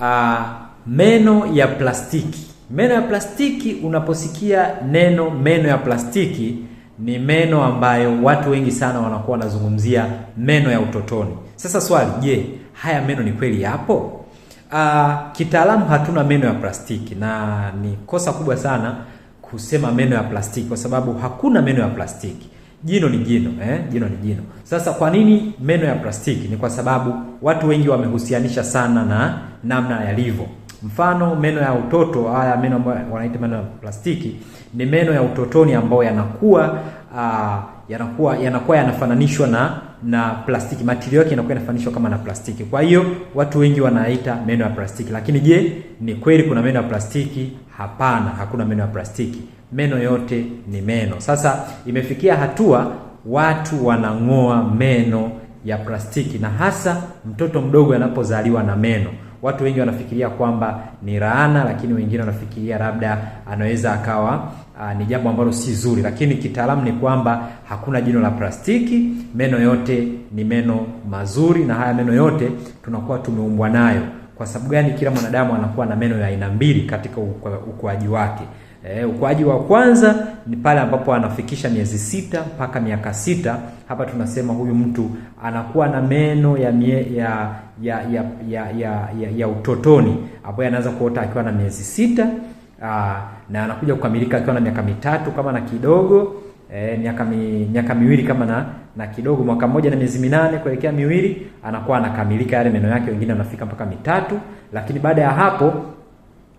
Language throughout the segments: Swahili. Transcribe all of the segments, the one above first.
uh, meno ya plastiki. Meno ya plastiki, unaposikia neno meno ya plastiki, ni meno ambayo watu wengi sana wanakuwa wanazungumzia meno ya utotoni. Sasa swali, je, haya meno ni kweli yapo? Uh, kitaalamu hatuna meno ya plastiki na ni kosa kubwa sana kusema meno ya plastiki kwa sababu hakuna meno ya plastiki. Jino ni jino eh? Jino ni jino. Sasa kwa nini meno ya plastiki? Ni kwa sababu watu wengi wamehusianisha sana na namna yalivyo. Mfano meno ya utoto, haya meno ambayo wanaita meno ya plastiki ni meno ya utotoni ambayo yanakuwa ah, yanakuwa yanakuwa yanafananishwa na na plastiki, matirio yake inakuwa inafananishwa kama na plastiki. Kwa hiyo watu wengi wanaita meno ya plastiki. Lakini je, ni kweli kuna meno ya plastiki? Hapana, hakuna meno ya plastiki. Meno yote ni meno. Sasa imefikia hatua watu wanang'oa meno ya plastiki, na hasa mtoto mdogo anapozaliwa na meno Watu wengi wanafikiria kwamba ni raana lakini wengine wanafikiria labda anaweza akawa uh, ni jambo ambalo si zuri, lakini kitaalamu ni kwamba hakuna jino la plastiki. Meno yote ni meno mazuri, na haya meno yote tunakuwa tumeumbwa nayo. Kwa sababu gani? Kila mwanadamu anakuwa na meno ya aina mbili katika ukuaji wake. E, ukuaji wa kwanza ni pale ambapo anafikisha miezi sita mpaka miaka sita. Hapa tunasema huyu mtu anakuwa na meno ya, mie, ya, ya, ya, ya, ya, ya, ya utotoni ambayo anaanza kuota akiwa na miezi sita aa, ah, na anakuja kukamilika akiwa na miaka mitatu kama na kidogo e, miaka, mi, miaka miwili kama na, na kidogo mwaka mmoja na miezi minane kuelekea miwili anakuwa anakamilika yale meno yake, wengine anafika mpaka mitatu, lakini baada ya hapo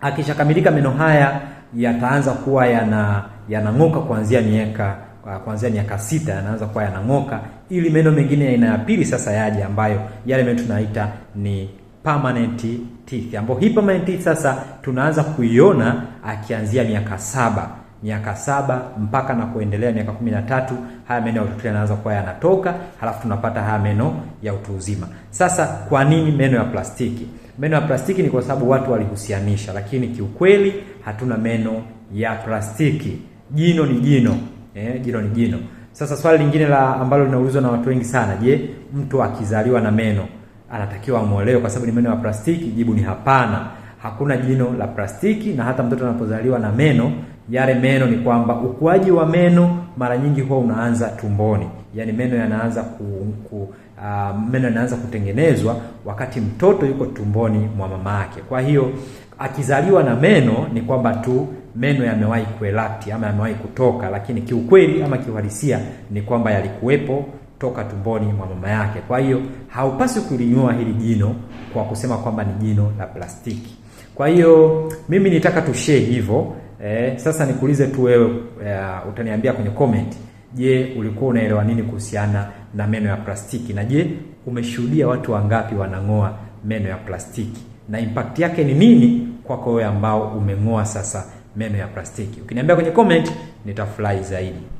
akishakamilika meno haya yataanza kuwa yana yanang'oka kuanzia miaka ah, kuanzia miaka sita yanaanza kuwa yanang'oka, ili meno mengine ya aina ya pili sasa yaje, ambayo yale meno tunaita ni permanent teeth, ambapo hii permanent teeth sasa tunaanza kuiona akianzia miaka saba miaka saba mpaka na kuendelea miaka kumi na tatu haya meno ya utu yanaanza kuwa yanatoka, halafu tunapata haya meno ya utu uzima. Sasa kwa nini meno ya plastiki? Meno ya plastiki ni kwa sababu watu walihusianisha, lakini kiukweli hatuna meno ya plastiki. Jino ni jino eh, jino ni jino. Sasa swali lingine la ambalo linaulizwa na watu wengi sana, je, mtu akizaliwa na meno anatakiwa amolewe kwa sababu ni meno ya plastiki? Jibu ni hapana, hakuna jino la plastiki, na hata mtoto anapozaliwa na meno yale meno ni kwamba ukuaji wa meno mara nyingi huwa unaanza tumboni, yaani meno yanaanza ku, ku uh, meno yanaanza kutengenezwa wakati mtoto yuko tumboni mwa mama yake. Kwa hiyo akizaliwa na meno ni kwamba tu meno yamewahi kuelati ama yamewahi kutoka, lakini kiukweli ama kiuhalisia ni kwamba yalikuwepo toka tumboni mwa mama yake. Kwa hiyo haupaswi kulinyua hili jino kwa kusema kwamba ni jino la plastiki. Kwa hiyo mimi nitaka tushee hivyo Eh, sasa nikuulize tu wewe uh, utaniambia kwenye comment, je, ulikuwa unaelewa nini kuhusiana na meno ya plastiki? Na je, umeshuhudia watu wangapi wanang'oa meno ya plastiki na impact yake ni nini kwako wewe ambao umeng'oa sasa meno ya plastiki? Ukiniambia kwenye comment nitafurahi zaidi.